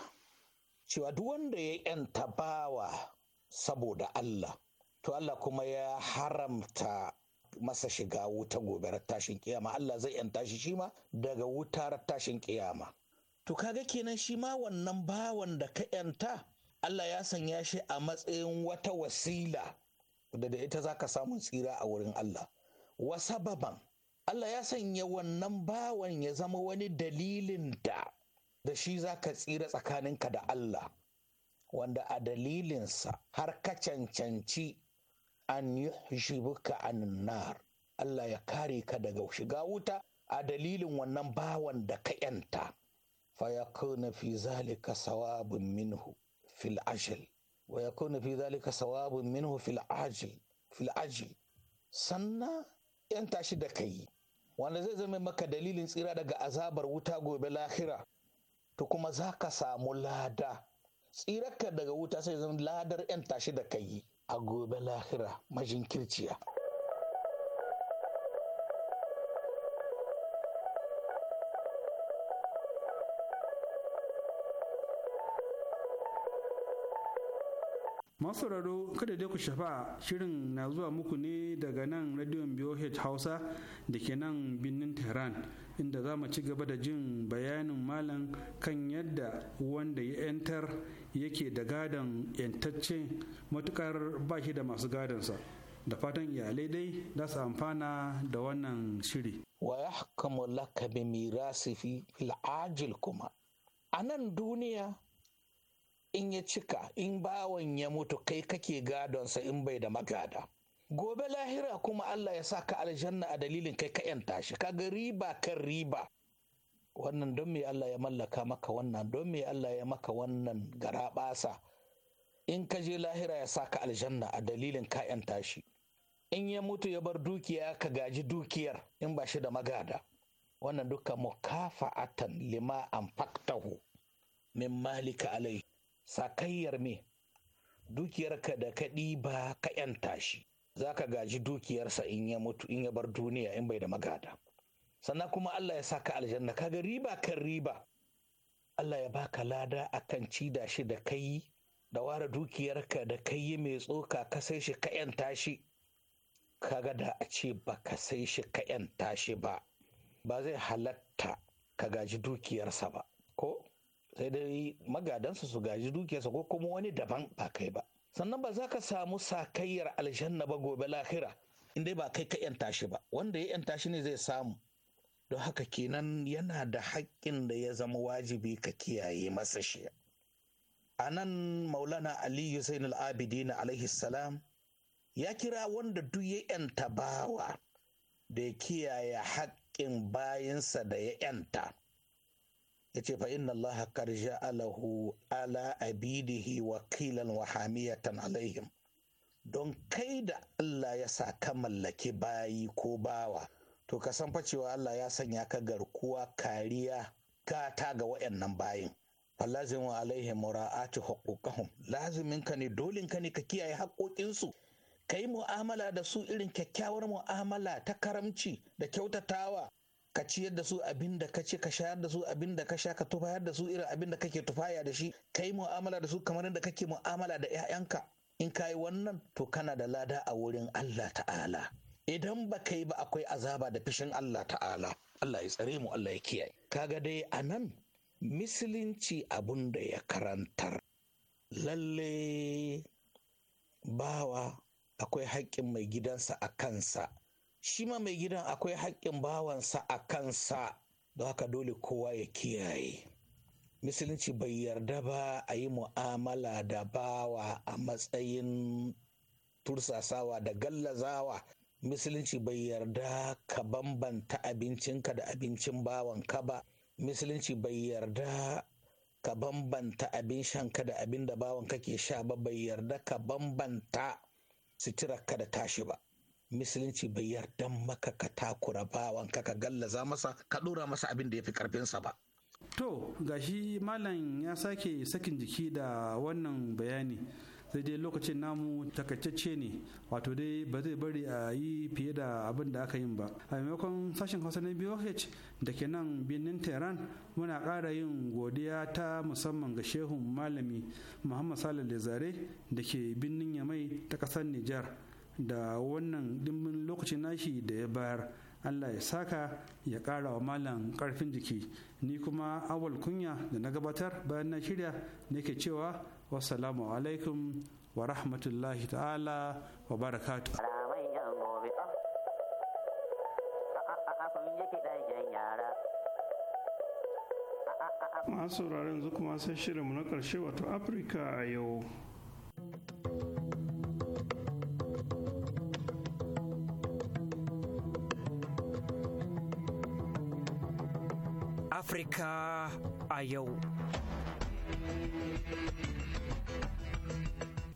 cewa duk wanda ya ‘yanta bawa saboda Allah, to Allah kuma ya haramta masa shiga wuta gobe tashin kiyama, Allah zai ‘yanta shi shi ma daga wutar tashin kiyama. To kaga kenan shi ma wannan bawan da ka ‘yanta, Allah ya sanya shi a matsayin wata wasila. da da ita ka samu tsira a wurin Allah wa sababan Allah ya sanya wannan bawan ya zama wani dalilin da da shi ka tsira tsakaninka da Allah wanda a dalilinsa har ka cancanci an yuhjibuka an nar Allah ya kare ka daga shiga wuta a dalilin wannan bawan da ka yanta fa yakuna fi zalika sawabin minhu fil ashir. wa kuna fi zalika sawabun minhu fil ajil fil sannan yan tashi da kai wanda zai zama maka dalilin tsira daga azabar wuta gobe lahira to kuma za ka samu lada tsirarka daga wuta sai zama ladar yan tashi da kai a gobe lahira majinkirciya masauraro kada dai ku shafa shirin na zuwa muku ne daga nan radiyon BOH Hausa da ke nan birnin Tehran inda za mu ci gaba da jin bayanin malam kan yadda wanda ya 'yantar yake da gadon 'yantacce matukar ba shi da masu gadonsa da fatan iyalai dai za su amfana da wannan shiri. wa ya laka bi mirasi kuma a nan duniya in ya cika in bawan ya mutu kai kake gadonsa in bai da magada gobe lahira kuma Allah ya sa ka aljanna a dalilin kai ka tashi. shi kaga riba kan riba wannan don me Allah ya mallaka maka wannan don me Allah ya maka wannan garaɓasa? in ka je lahira ya sa ka aljanna a dalilin ka yanta shi in ya mutu ya bar dukiya ka gaji dukiyar in ba shi da magada wannan duka mukafa'atan lima an faktahu min malika alai sakayyar me dukiyarka da kaɗi ba ka ‘yanta shi za ka gaji dukiyarsa in ya mutu in ya bar duniya in bai da magada sannan kuma Allah ya sa ka aljanna kaga riba kan riba Allah ya baka lada akan ci da shi da kai da ware dukiyarka da kai mai tsoka ka sai shi ka ‘yanta shi kaga da a ce ba ka sai shi ka ‘yanta shi ba ba zai halatta ka gaji dukiyarsa ba ko sai dai magadansa su gaji dukiyarsa ko kuma wani daban ba kai ba sannan ba za ka samu sakayyar aljanna ba gobe lahira inda ba kai ka yanta shi ba wanda ya yanta shi ne zai samu don haka kenan yana da haƙƙin da ya zama wajibi ka kiyaye masa shi a nan maulana ali yusain al-abidin alaihi salam ya kira wanda duk ya yanta bawa da ya kiyaye haƙƙin bayansa da ya yanta ya ce fa inna allaha kar ja'alahu ala abidihi wakilan wa hamiyatan alaihim don kai da Allah ya sa ka mallaki bayi ko bawa to ka san cewa Allah ya sanya ka garkuwa kariya kata ga waɗannan bayin fallazin wa alaihi mura'ati hukukahum lazimin ka ne dolin ka ne ka kiyaye haƙoƙinsu ka yi mu'amala da su irin kyakkyawar mu'amala ta karamci da kyautatawa ka ciyar da su abin da ka ce ka shayar da su abin da ka sha ka tufayar da su irin abin da kake tufaya da shi ka yi mu'amala da su kamar yadda kake mu'amala da 'ya'yanka in ka yi wannan to kana da lada a wurin Allah ta'ala idan ba ka yi ba akwai azaba da fishin Allah ta'ala Allah ya tsare mu Allah ya kiyaye kaga dai a nan misilinci abun da ya karantar lalle bawa akwai haƙƙin mai gidansa a kansa shi ma mai gidan akwai haƙƙin bawansa a kansa don haka dole kowa ya kiyaye musulunci bai yarda ba a yi mu'amala da bawa a matsayin tursasawa da gallazawa musulunci bai yarda ka bambanta abincinka da abincin bawanka ba musulunci bai yarda ka bambanta abin shanka da abin da bawanka ke sha ba bai yarda ka bambanta suturarka da tashi ba musulunci bai yarda maka ka takura wanka ka gallaza masa ka ɗora masa abin da ya fi ƙarfinsa ba To gashi malam ya sake sakin jiki da wannan bayani sai dai lokacin namu takaitacce ne wato dai ba zai bari a yi fiye da abin da aka yin ba a maimakon sashen hausa na boh da ke nan birnin tehran muna ƙara yin godiya ta musamman ga shehun malami muhammad salih da zare da ke birnin yamai ta ƙasar nijar da wannan dimbin lokacin nashi da ya bayar allah ya saka ya ƙara wa malam ƙarfin jiki ni kuma awal kunya da na gabatar bayan na shirya ne ke cewa wasalamu alaikum wa rahmatullahi ta'ala wa barakatu masu sauraron yanzu kuma sai mu na karshe wato afirka a yau Afirka a yau.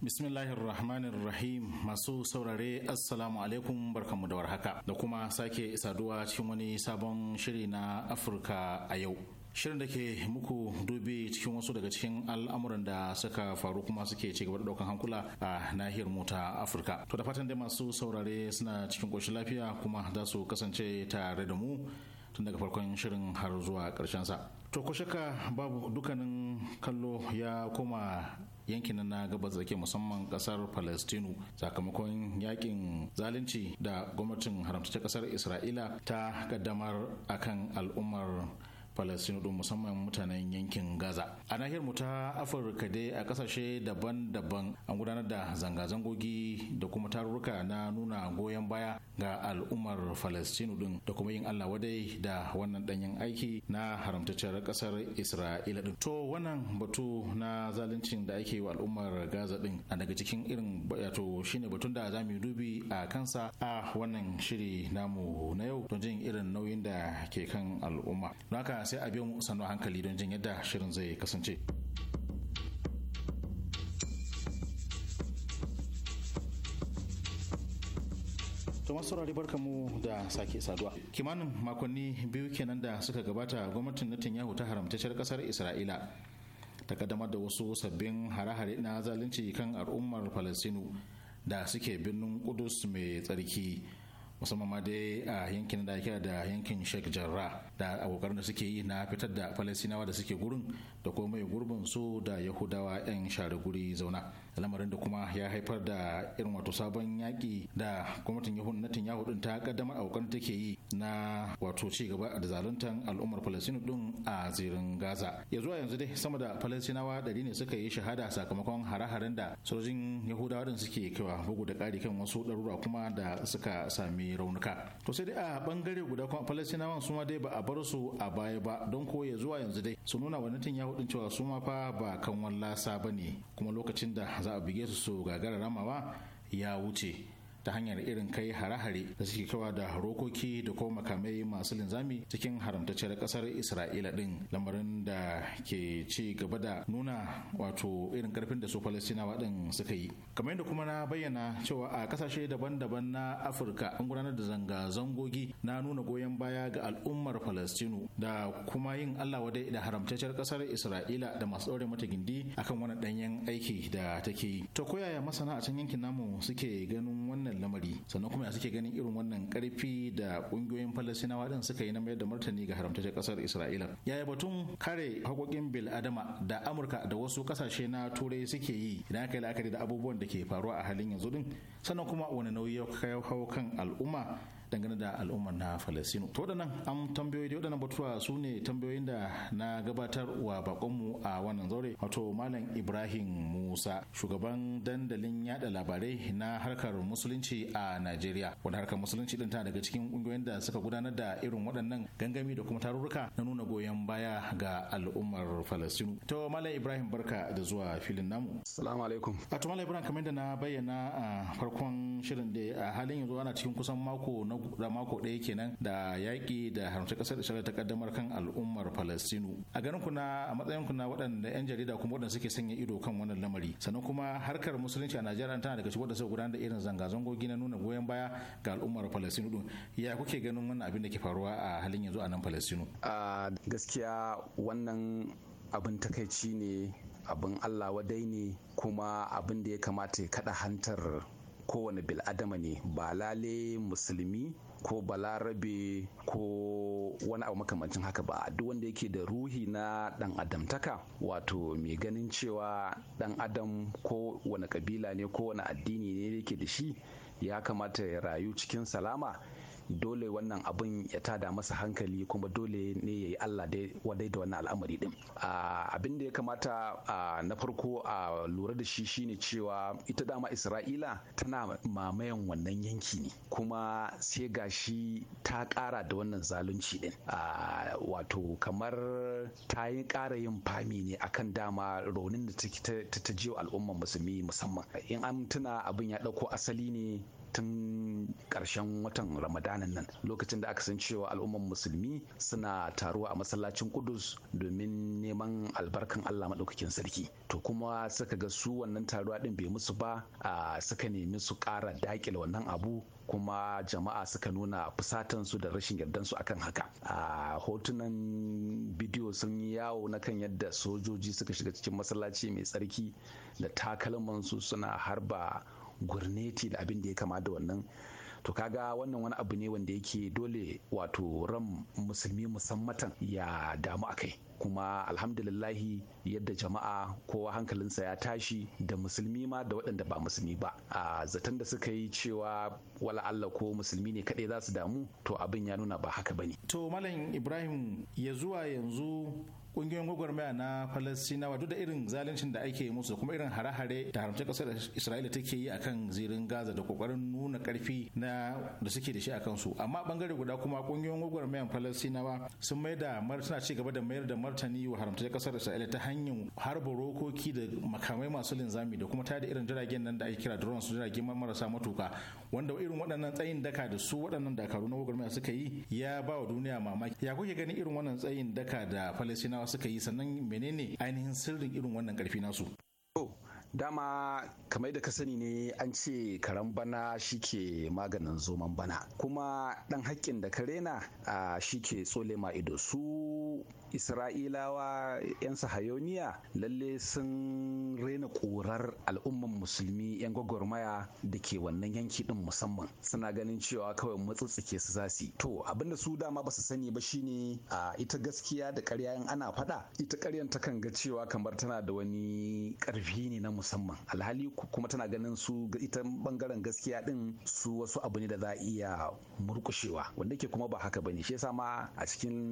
Bismillahirrahmanirrahim masu saurare assalamu alaikum barkanmu da warhaka da kuma sake saduwa cikin wani sabon shiri na Afirka a yau. Shirin da ke muku dubi cikin wasu daga cikin al'amuran da suka faru kuma suke ci gaba da daukan hankula a nahiyar mu ta Afirka. To da fatan dai masu saurare suna cikin ƙoshin lafiya kuma za su kasance tare da mu tun daga farkon shirin har zuwa karshen sa to ku shaka babu dukanin kallo ya koma yankin na gabas da ke musamman kasar palestinu sakamakon yakin zalunci da gwamnatin ta kasar isra'ila ta kaddamar akan al'ummar falastinu din musamman mutanen yankin Gaza. A nahiyar mu ta Afirka dai a kasashe daban-daban an gudanar da zanga-zangogi da kuma tarurruka na nuna goyon baya ga al'ummar falastinu din da kuma yin Allah wadai da wannan ɗanyen aiki na haramtacciyar kasar Isra'ila din. To wannan batu na zaluncin da ake wa al'ummar Gaza din a daga cikin irin to shine batun da za mu dubi a kansa a wannan shiri namu na yau don jin irin nauyin da ke kan al'umma. Don sai a biyo mu sannu hankali don jin yadda shirin zai kasance. To saurari barka mu da sake saduwa. Kimanin makonni biyu kenan da suka gabata gwamnatin Netanyahu ta haramtacciyar kasar Isra'ila ta kaddamar da wasu sabbin hare-hare na zalunci kan al'ummar Falasinu da suke birnin Kudus mai tsarki musamman ma dai a yankin da ake da yankin Sheikh Jarrah da abokan da suke yi na fitar da Falasinawa da suke gurin da kuma mai gurbin su da Yahudawa 'yan share guri zauna. lamarin da kuma ya haifar da irin wato sabon yaƙi da gwamnatin yahu din ta kaddama a kokarin take yi na wato ci gaba da zaluntan al'ummar Falasinu din a zirin Gaza ya zuwa yanzu dai sama da Falasinawa ɗari ne suka yi shahada sakamakon hare-haren da sojojin Yahudawa din suke kaiwa bugu da ƙari kan wasu ɗarura kuma da suka sami raunuka to sai dai a bangare guda kuma Falasinawan su ma dai ba a bar su a baya ba don ko ya zuwa yanzu dai su nuna wa Netanyahu din cewa su ma fa ba kan wallasa ba ne kuma lokacin da za a bige su su gagara ramawa ya wuce ta hanyar irin kai hare-hare da suke kawa da rokoki da kuma makamai masu linzami cikin haramtacciyar kasar isra'ila din lamarin da ke ci gaba da nuna wato irin karfin da su falastinawa din suka yi kamar yadda kuma na bayyana cewa a kasashe daban-daban na afirka an gudanar da zanga-zangogi na nuna goyon baya ga al'ummar falastinu da kuma yin allah wadai da haramtacciyar kasar isra'ila da masu ɗaure mata gindi akan wani ɗanyen aiki da take yi ta koyaya masana a can yankin namu suke ganin wannan wannan lamari sannan kuma ya suke ganin irin wannan karfi da kungiyoyin falasinawa din suka yi na mayar da martani ga haramtaccen kasar isra'ila yaya batun kare haƙoƙin bil adama da amurka da wasu kasashe na turai suke yi idan aka yi la'akari da abubuwan da ke faruwa a halin yanzu din sannan kuma wani nauyi ya kawo kan al'umma dangane da al'ummar na falasino to waɗannan an tambayoyi da waɗannan batutuwa su ne tambayoyin da na gabatar wa bakonmu a wannan zaure wato malam ibrahim musa shugaban dandalin yada labarai na harkar musulunci a najeriya wanda harkar musulunci din tana daga cikin ƙungiyoyin da suka gudanar da irin waɗannan gangami da kuma tarurruka na nuna goyon baya ga al'ummar falasino to malam ibrahim barka da zuwa filin namu assalamu alaikum a malam ibrahim kamar da na bayyana a farkon shirin da a halin yanzu ana cikin kusan mako na da mako ɗaya kenan da yaƙi da haramta ƙasar Isra'ila ta kaddamar kan al'ummar Falastinu. A ganin kuna a matsayin kuna waɗanda 'yan jarida kuma waɗanda suke sanya ido kan wannan lamari sannan kuma harkar musulunci a Najeriya tana daga cikin waɗanda suka gudanar da irin zanga zango na nuna goyon baya ga al'ummar Falastinu ɗin. Ya kuke ganin wannan abin da ke faruwa a halin yanzu a nan Falastinu? A gaskiya wannan abin takaici ne abin Allah wadai ne kuma abin da ya kamata ya kada hantar kowane bil'adama ne ba lale musulmi ko balarabe ko wani abu makamancin haka ba duk wanda yake da ruhi na dan adamtaka wato mai ganin cewa dan adam ko wani kabila ne ko wani addini ne yake da shi ya kamata ya rayu cikin salama dole wannan abun ya tada masa hankali kuma dole ne ya yi Allah dai wadai da wannan al'amari din abin da ya kamata na farko a lura da shi shine cewa ita dama Isra'ila tana mamayan wannan yanki ne kuma sai gashi ta kara da wannan zalunci din wato kamar ta yi ƙara yin fami ne akan dama raunin da ta wa al'umman musulmi musamman in an tuna abin ya dauko asali ne tun ƙarshen watan ramadanan nan lokacin da aka san cewa al'umman musulmi suna taruwa a masallacin kudus domin neman albarkan allah maɗaukakin sarki to kuma suka ga su wannan taruwa ɗin bai musu ba a suka nemi su ƙara daƙile wannan abu kuma jama'a suka nuna su da rashin yardan su akan haka a hotunan bidiyo sun yi yawo na kan yadda sojoji suka shiga cikin masallaci mai tsarki da takalmansu suna harba gurneti da abin da ya kama da wannan to kaga wannan wani abu ne wanda yake dole wato ran musulmi musammatan ya damu a kai kuma alhamdulillahi yadda jama'a kowa hankalinsa ya tashi da musulmi ma da waɗanda ba musulmi ba a zaton da suka yi cewa wala Allah ko musulmi ne kaɗai za su damu to abin ya nuna ba haka bane to malam ibrahim ya zuwa yanzu kungiyoyin gwagwarmaya na Falasinawa duk da irin zaluncin da ake musu kuma irin hare-hare da haramta kasar isra'ila take yi akan zirin gaza da kokarin nuna karfi na da suke da shi akan su amma bangare guda kuma kungiyoyin gwagwarmayan Falasinawa sun mai da suna ci gaba da mayar da martani wa haramta kasar isra'ila ta hanyar harba rokoki da makamai masu linzami da kuma tada irin jiragen nan da ake kira drones jiragen marasa matuka wanda irin waɗannan tsayin daka da su waɗannan dakaru na gwagwarmaya suka yi ya ba wa duniya mamaki ya kuke ganin irin wannan tsayin daka da falastinawa iraniyawa suka yi sannan menene ainihin sirrin irin wannan karfi nasu dama kamar da ka sani ne an ce karen bana shike maganin zoman bana kuma dan hakkin da ka rena a shike tsole ma ido su isra'ilawa 'yan sahayoniya lalle sun rena korar al'umman musulmi 'yan gwagwarmaya da ke wannan yanki din musamman suna ganin cewa kawai matsatsike su zasi to abinda su dama ba su sani ba shine a ita gaskiya da karya in ana faɗa ita karyan kan ga cewa kamar tana da wani ƙarfi ne na musamman alhali kuma tana ganin su ita bangaren gaskiya din su wasu abu ne da za a iya murkushewa wanda ke kuma ba haka bane shi yasa ma a cikin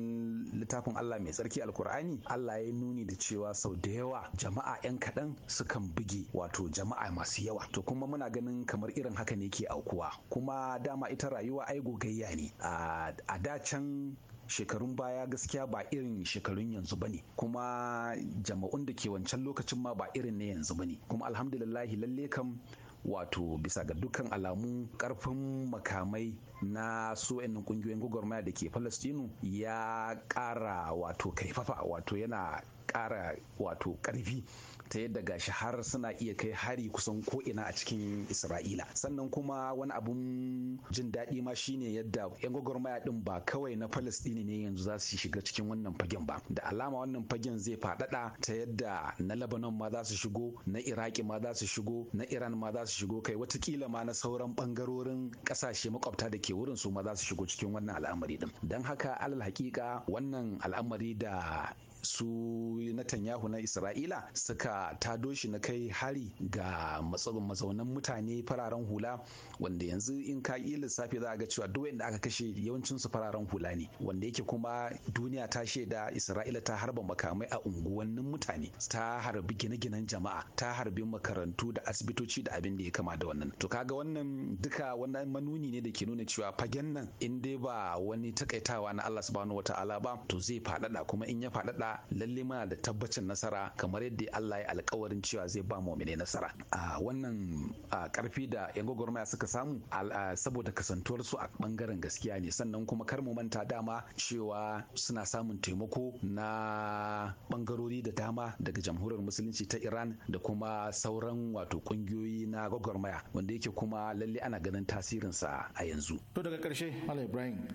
littafin Allah mai mai tsarki alkur'ani Allah ya nuni da cewa sau da yawa jama'a 'yan kaɗan sukan buge wato jama'a masu yawa to kuma muna ganin kamar irin haka ne ke aukuwa kuma dama ita rayuwa ai gogayya ne a da can shekarun baya gaskiya ba irin shekarun yanzu ba ne kuma jama'un da ke wancan lokacin ma ba irin na yanzu ba ne kuma alhamdulillahi lalle kam wato bisa ga dukkan alamu karfin makamai na su wa'annan kungiyoyin gwagwarmaya da ke falastinu ya ƙara wato kaifafa wato yana ƙara wato ƙarfi ta yadda gashi har suna iya kai hari kusan ko ina a cikin isra'ila sannan kuma wani abun jin daɗi ma shine yadda yan gwagwarmaya din ba kawai na palestini ne yanzu za su shiga cikin wannan fagen ba da alama wannan fagen zai faɗaɗa ta yadda na lebanon ma za su shigo na iraki ma za su shigo na iran ma za su shigo kai watakila ma na sauran ɓangarorin ƙasashe makwabta da ke wurin su ma za su shigo cikin wannan al'amari din don haka alal hakika wannan al'amari da su Netanyahu na Isra'ila suka tado shi na kai hari ga mazaunan mutane fararen hula wanda yanzu in ka yi lissafi za a ga cewa duk wanda aka kashe yawancinsu fararen hula ne wanda yake kuma duniya ta shaida Isra'ila ta harba makamai a unguwannin mutane ta harbi gine-ginen jama'a ta harbi makarantu da asibitoci da abin da ya kama da wannan to kaga wannan duka wannan manuni ne da ke nuna cewa fagen nan in dai ba wani takaitawa na Allah subhanahu wataala ba to zai faɗaɗa kuma in ya faɗaɗa nasara lalle muna da tabbacin nasara kamar yadda Allah ya alkawarin cewa zai ba mu nasara a wannan karfi da yan gwagwarmaya suka samu saboda kasantuwar su a bangaren gaskiya ne sannan kuma kar mu manta dama cewa suna samun taimako na bangarori da dama daga jamhuriyar musulunci ta Iran da kuma sauran wato kungiyoyi na gwagwarmaya wanda yake kuma lalle ana ganin tasirinsa a yanzu to daga karshe Ibrahim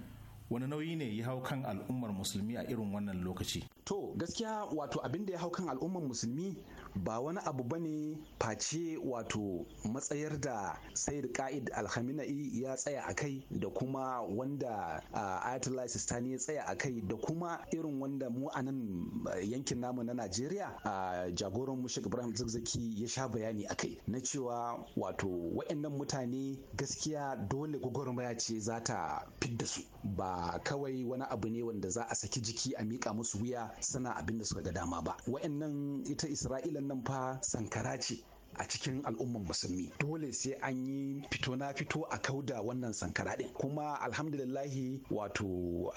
wani nauyi ne ya hau kan al'ummar musulmi a irin wannan lokaci to gaskiya wato abin da ya hau kan al'ummar musulmi ba wani abu ba ne face wato matsayar da sayar ka'id alhamina'i ya tsaya a kai da kuma wanda ayatollah sistani ya tsaya a kai da kuma irin wanda mu a nan yankin namu na najeriya jagoran mushik ibrahim ya sha bayani a kai na cewa wato wa'annan mutane gaskiya dole gwagwarmaya ce za ta fidda su ba kawai wani abu ne wanda za a saki jiki a miƙa musu wuya suna abin da suka ga dama ba wa'annan ita isra'ila wannan fa sankara ce a cikin al'ummar musulmi dole sai an yi fito na fito a kauda wannan sankara din kuma alhamdulillahi wato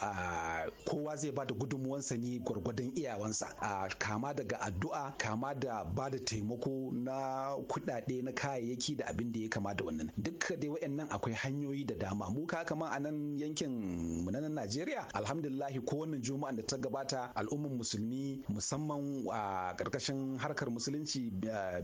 kowa zai ba da gudunmuwansa ne gwargwadon iyawansa a kama daga addu'a kama da ba da taimako na kuɗaɗe na kayayyaki da abin da ya kama da wannan duk dai wayannan akwai hanyoyi da dama mu ka kama a nan yankin mu na Najeriya alhamdulillahi ko wannan juma'an da ta gabata al'umman musulmi musamman a ƙarƙashin harkar musulunci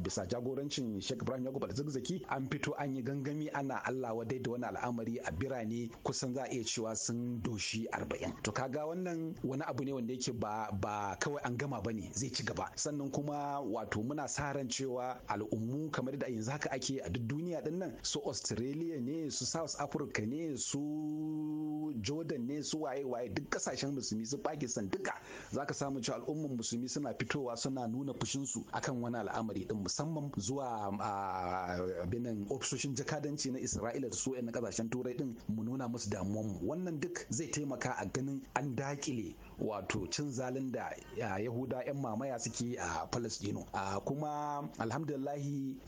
bisa jagoran jagorancin Sheikh Ibrahim Yakubu an fito an yi gangami ana Allah wadai da wani al'amari a birane kusan za a iya cewa sun doshi arba'in. To kaga wannan wani abu ne wanda yake ba ba kawai an gama bane zai ci gaba. Sannan kuma wato muna sa ran cewa al'ummu kamar da yanzu haka ake a duk duniya din nan su Australia ne su South Africa ne su Jordan ne su waye waye duk kasashen musulmi su Pakistan duka zaka samu cewa al'umman musulmi suna fitowa suna nuna fushinsu akan wani al'amari din musamman zuwa binan ofisoshin jakadanci na isra'ila da su na kasashen turai din mu nuna musu mu. wannan duk zai taimaka a ganin an dakile wato cin zalin da yahuda 'yan mamaya suke a palestino kuma alhamdulillahi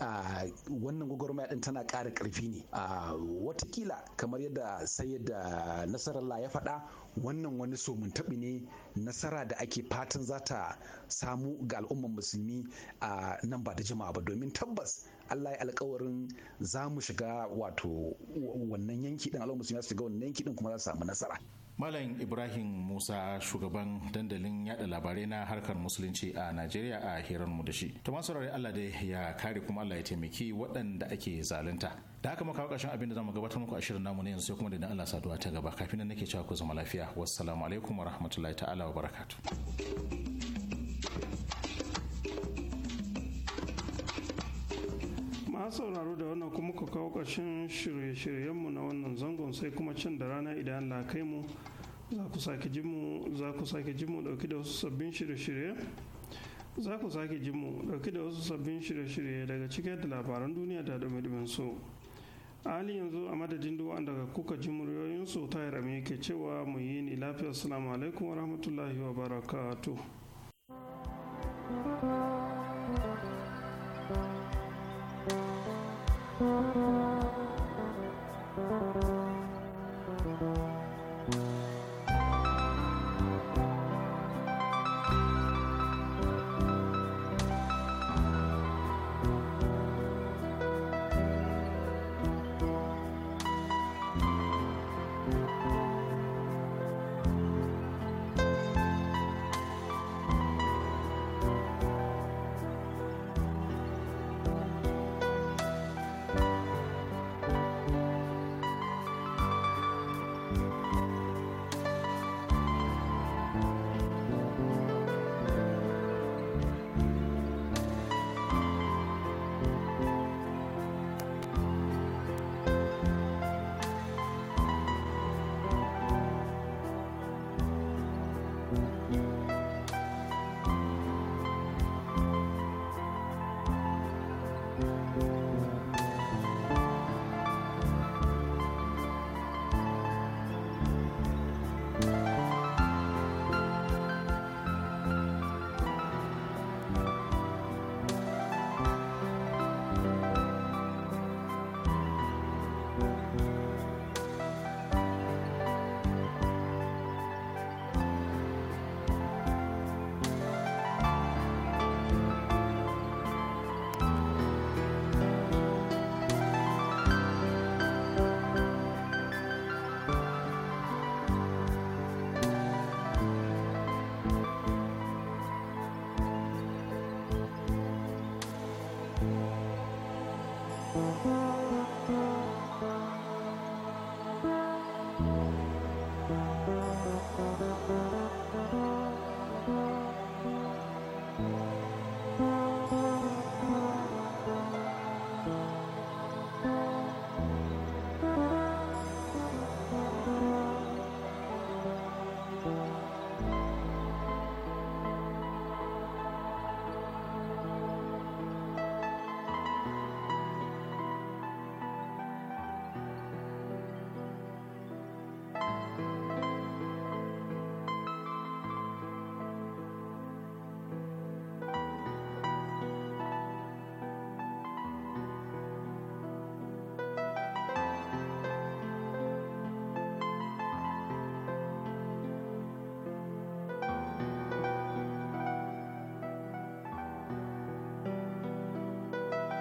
wannan gwagwarmaya din tana ƙara ƙarfi ne watakila kamar yadda sai nasarallah ya faɗa wannan wani somin taɓi ne nasara da ake fatan za ta samu ga al'umman musulmi a nan ba da jima'a ba domin tabbas Allah ya alkawarin za mu shiga wato wannan yanki ɗin, al'umman musulmi za su shiga wannan yanki ɗin kuma za su samu nasara Malam Ibrahim Musa shugaban dandalin yada labarai na harkar musulunci a Najeriya a hirarmu da shi. Ta masu Allah dai ya kare kuma Allah ya taimaki waɗanda ake zalunta. Da haka muka kawo abin da zamu gabatar muku a shirin namu ne yanzu sai kuma da Allah saduwa ta gaba kafin nan nake cewa ku zama lafiya. Wassalamu alaikum wa rahmatullahi ta'ala wa barakatuh. an sauraro da wannan kuma ka kawo ƙarshen shirye-shiryenmu na wannan zangon sai kuma can da rana idan Allah kai mu za ku sake ji mu za ku sake ji mu dauki da wasu sabbin shirye-shirye za ku sake ji dauki da wasu sabbin shirye-shirye daga cikin da labaran duniya da dumi su a halin yanzu a madadin duk daga kuka ji su ta yarame ke cewa mu yi ni lafiya Salamu alaikum wa rahmatullahi wa barakatuh Thank you.